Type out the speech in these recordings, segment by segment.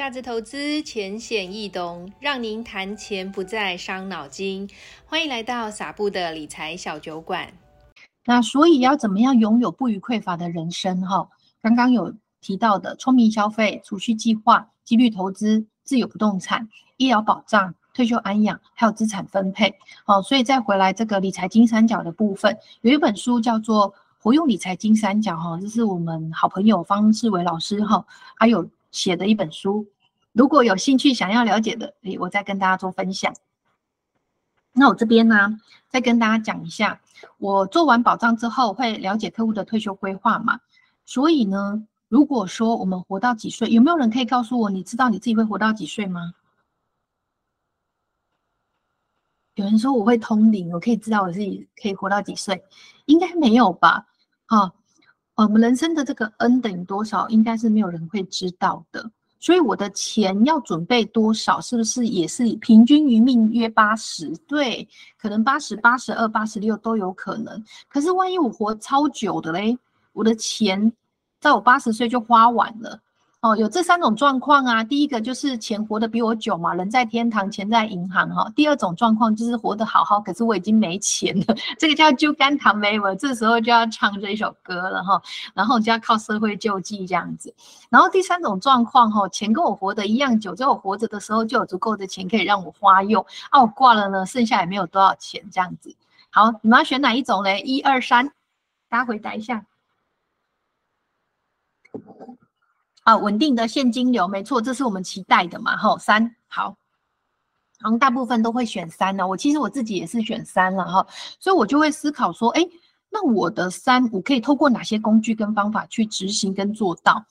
價值投資淺顯易懂，讓您談錢不再傷腦筋。歡迎來到撒布的理財小酒館。那所以要怎麼樣擁有不虞匱乏的人生，哦？哈，剛剛有提到的，聰明消費、儲蓄計劃、紀律投資、自有不動產、醫療保障、退休安養，還有資產分配，哦。所以再回來這個理財金三角的部分，有一本書叫做《活用理財金三角》哈、哦，這是我們好朋友方志偉老師哈、哦，還有。寫的一本書，如果有興趣想要了解的，誒，我再跟大家做分享。那我這邊呢，再跟大家講一下，我做完保障之後會了解客戶的退休規劃嘛。所以呢，如果說我們活到幾歲，有沒有人可以告訴我，你知道你自己會活到幾歲嗎？有人說我會通靈，我可以知道我自己可以活到幾歲，應該沒有吧？啊、哦。哦，我們人生的這個 N 等於多少，應該是沒有人會知道的。所以我的錢要準備多少，是不是也是平均餘命約八十？對，可能八十、八十二、八十六都有可能。可是萬一我活超久的嘞，我的錢在我八十歲就花完了。哦，有這三種狀況啊。第一個就是錢活得比我久嘛，人在天堂，錢在銀行，哈、哦。第二種狀況就是活得好好，可是我已經沒錢了，這個叫“鳩干糖梅爾”，這時候就要唱這一首歌了，哈。然後就要靠社會救濟這樣子。然後第三種狀況，哈，錢跟我活得一樣久，就我活着的時候就有足夠的錢可以讓我花用。啊，我掛了呢，剩下也沒有多少錢，這樣子。好，你們要選哪一種嘞？一二三，大家回答一下。啊，穩定的現金流，沒錯，這是我們期待的嘛，哈、哦，三，好，好，大部分都會選三呢，、哦，我其實我自己也是選三了哈、哦，所以我就會思考說，哎、欸，那我的三，我可以透過哪些工具跟方法去執行跟做到？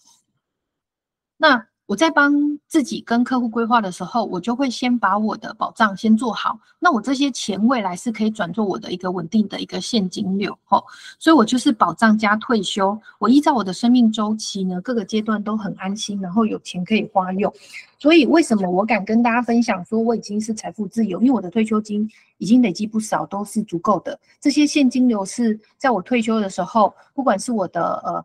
那。我在幫自己跟客戶規劃的時候，我就會先把我的保障先做好。那我這些錢未來是可以轉做我的一個穩定的一個現金流，哦。所以我就是保障加退休。我依照我的生命周期呢，各個階段都很安心，然後有錢可以花用。所以為什麼我敢跟大家分享說我已經是財富自由？因為我的退休金已經累積不少，都是足夠的。這些現金流是在我退休的時候，不管是我的呃，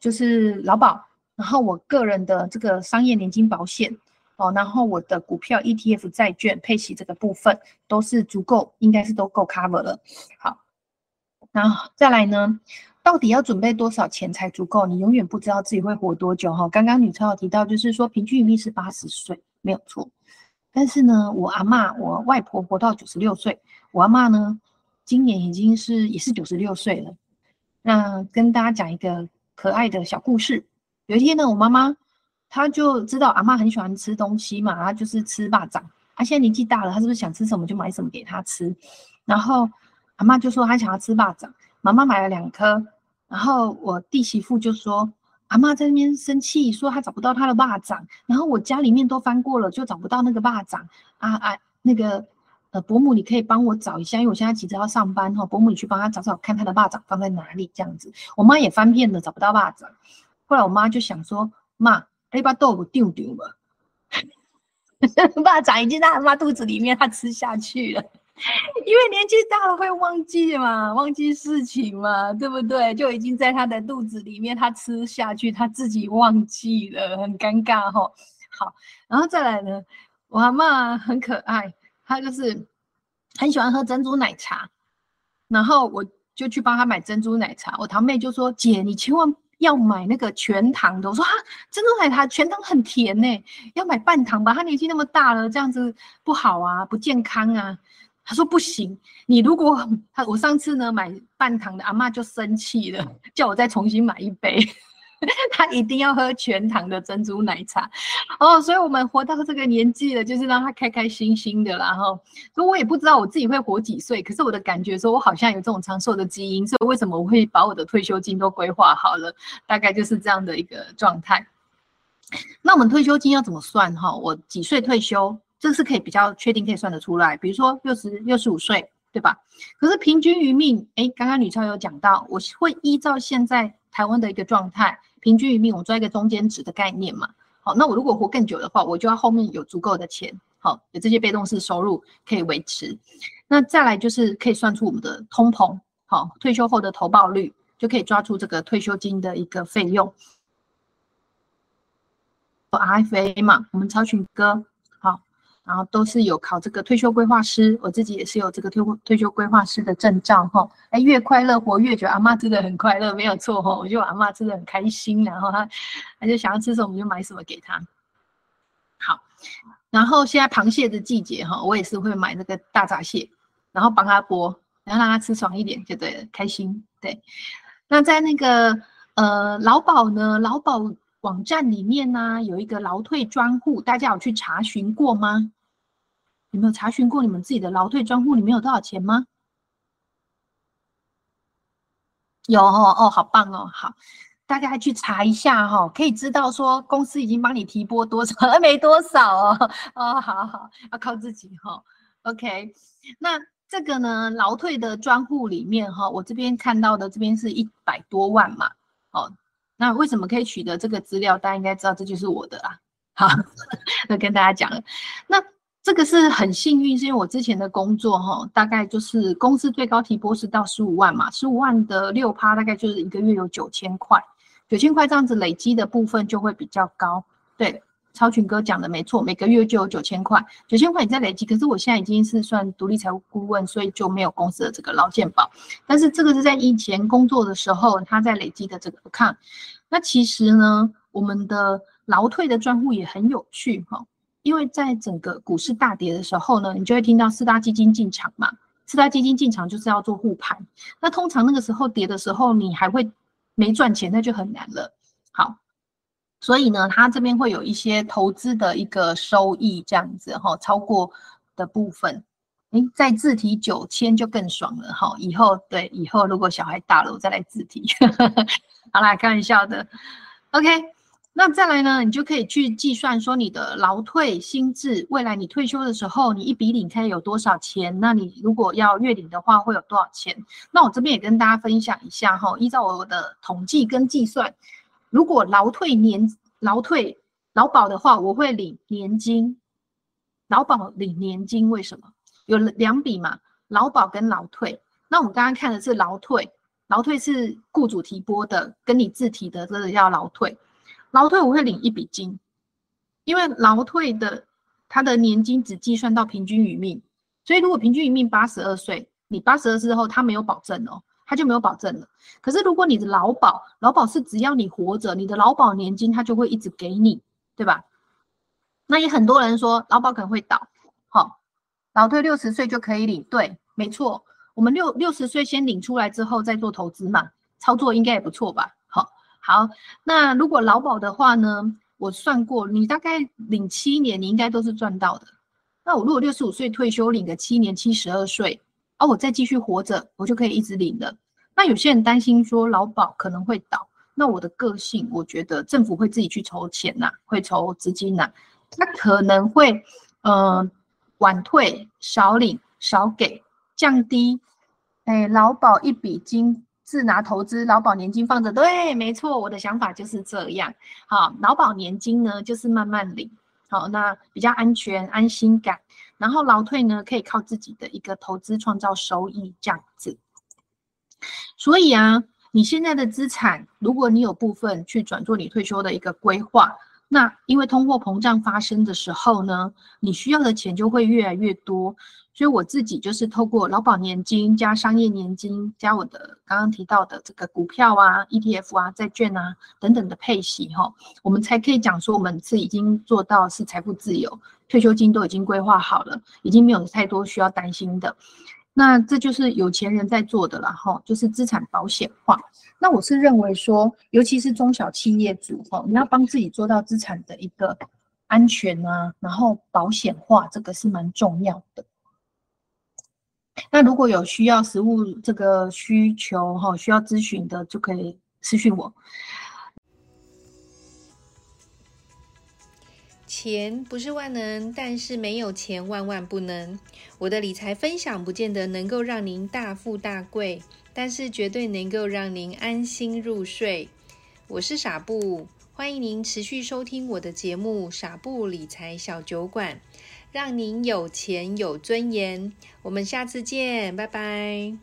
就是勞保。然後我個人的這個商業年金保險，哦，然後我的股票 ETF、債券配息這個部分都是足夠，應該是都夠 cover 了。好，那再來呢，到底要準備多少錢才足夠？你永遠不知道自己會活多久哈、哦。剛剛女超有提到，就是說平均餘命是八十歲，沒有錯。但是呢，我阿嬤、我外婆活到九十六歲，我阿嬤呢今年已經是也是九十六歲了。那跟大家講一個可愛的小故事。有一天呢，我媽媽她就知道阿嬤，很喜歡吃東西嘛，她就是吃霸掌。她、啊、現在年紀大了，她是不是想吃什麼就買什麼給她吃？然後阿嬤就說她想要吃霸掌，媽媽買了兩顆。然後我弟媳婦就說阿嬤在那邊生氣，說她找不到她的霸掌，然後我家裡面都翻過了，就找不到那個霸掌。啊啊，那個呃伯母你可以幫我找一下，因為我現在急着要上班哈、哦。伯母你去幫她找找看她的霸掌放在哪裡這樣子。我媽也翻遍了，找不到霸掌。後來我媽就想說：“媽，哎、那個，把豆腐丟掉吧。”巴掌已經在媽肚子裡面，她吃下去了， 因為年紀大了會忘記嘛，忘記事情嘛，對不對？就已經在她的肚子裡面，她吃下去，她自己忘記了，很尷尬哈。好，然後再來呢，我阿媽很可愛，她就是很喜歡喝珍珠奶茶，然後我就去幫她買珍珠奶茶。我堂妹就說：“姐，你千萬。”要買那個全糖的，我說，啊珍珠奶茶全糖很甜呢、欸，要買半糖吧，他年紀那麼大了，這樣子不好啊，不健康啊。他說不行，你如果他我上次呢買半糖的，阿嬤就生氣了，叫我再重新買一杯。 他一定要喝全糖的珍珠奶茶哦，所以我們活到這個年紀了，就是讓他開開心心的啦、哦、所以我也不知道我自己會活幾歲，可是我的感覺說我好像有這種長壽的基因，所以為什麼我會把我的退休金都規劃好了？大概就是這樣的一個狀態。那我們退休金要怎麼算哈、哦？我幾歲退休？這是可以比較確定可以算得出來，比如說六十六十五歲。對吧？可是平均餘命，哎，剛剛李超有講到，我會依照現在台灣的一個狀態，平均餘命，我們抓一個中間值的概念嘛。好，那我如果活更久的話，我就要後面有足夠的錢，好，有這些被動式收入可以維持。那再來就是可以算出我們的通膨，好，退休後的投報率就可以抓出這個退休金的一個費用。RFA 嘛，我們超群哥，然後都是有考這個退休規劃師，我自己也是有這個退退休規劃師的證照哈。哎，越快樂活越久，阿媽真的很快樂，沒有錯哈。我覺得我阿媽真的很開心，然後她她就想要吃什麼，我們就買什麼給她。好，然後現在螃蟹的季節哈，我也是會買那個大閘蟹，然後幫她剝，然後讓她吃爽一點就對了，就開心。對，那在那個呃勞保呢，勞保網站裡面呢、啊、有一個勞退專戶，大家有去查詢過嗎？有沒有查詢過你們自己的勞退專戶裡面有多少錢嗎？有哦哦，好棒哦，好，大家去查一下哈、哦，可以知道說公司已經幫你提撥多少、哎，沒多少哦哦，好好要靠自己哈、哦。OK，那這個呢勞退的專戶裡面哈、哦，我這邊看到的這邊是一百多萬嘛，哦，那為什麼可以取得這個資料？大家應該知道這就是我的啦。好，那 跟大家講了那。這個是很幸運，是因為我之前的工作哈、哦，大概就是公司最高提撥是到十五萬嘛，十五萬的六趴，大概就是一個月有九千塊，九千塊這樣子累積的部分就會比較高。對，超群哥講的沒錯，每個月就有九千塊，九千塊你在累積，可是我現在已經是算獨立財務顧問，所以就沒有公司的這個勞健保。但是這個是在以前工作的時候，他在累積的這個看。那其實呢，我們的勞退的專戶也很有趣哈。哦因為在整個股市大跌的時候呢，你就會聽到四大基金進場嘛。四大基金進場就是要做護盤。那通常那個時候跌的時候，你還會沒賺錢，那就很難了。好，所以呢，它這邊會有一些投資的一個收益這樣子哈，超過的部分，哎，再自提九千就更爽了哈。以後對，以後如果小孩大了，我再來自提。 好啦，開玩笑的。OK。那再來呢，你就可以去計算說你的勞退薪資，未來你退休的時候，你一筆領可以有多少錢？那你如果要月領的話，會有多少錢？那我這邊也跟大家分享一下齁，依照我的統計跟計算，如果勞退年勞退勞保的話，我會領年金，勞保領年金為什麼？有兩筆嘛，勞保跟勞退。那我們剛剛看的是勞退，勞退是雇主提撥的，跟你自提的，這個叫勞退。勞退我會領一筆金，因為勞退的它的年金只計算到平均餘命，所以如果平均餘命八十二歲，你八十二歲之後他沒有保證哦，他就沒有保證了。可是如果你的勞保，勞保是只要你活着，你的勞保年金他就會一直給你，對吧？那也很多人說勞保可能會倒，好、哦，勞退六十歲就可以領，對，沒錯，我們六六十歲先領出來之後再做投資嘛，操作應該也不錯吧？好，那如果勞保的話呢？我算過，你大概領七年，你應該都是賺到的。那我如果六十五歲退休領個七年，七十二歲，而、啊、我再繼續活着，我就可以一直領了。那有些人擔心說勞保可能會倒，那我的個性，我覺得政府會自己去籌錢吶、啊，會籌資金吶、啊，那可能會嗯、呃、晚退少領少給降低，哎，勞保一筆金。是拿投資勞保年金放着，對，沒錯，我的想法就是這樣。好，勞保年金呢，就是慢慢領，好，那比較安全，安心感。然後勞退呢，可以靠自己的一個投資創造收益，這樣子。所以啊，你現在的資產，如果你有部分去轉做你退休的一個規劃，那因為通貨膨脹發生的時候呢，你需要的錢就會越來越多。所以我自己就是透過勞保年金加商業年金加我的剛剛提到的這個股票啊、ETF 啊、債券啊等等的配息哈，我們才可以講說我們是已經做到是財富自由，退休金都已經規劃好了，已經沒有太多需要擔心的。那這就是有錢人在做的啦哈，就是資產保險化。那我是認為說，尤其是中小企業主哈，你要幫自己做到資產的一個安全啊，然後保險化這個是蠻重要的。那如果有需要實物這個需求哈，需要諮詢的就可以私訊我。錢不是萬能，但是沒有錢萬萬不能。我的理財分享不見得能夠讓您大富大貴，但是絕對能夠讓您安心入睡。我是莎布，歡迎您持續收聽我的節目《莎布理財小酒館》。讓您有錢有尊嚴。我們下次見，拜拜。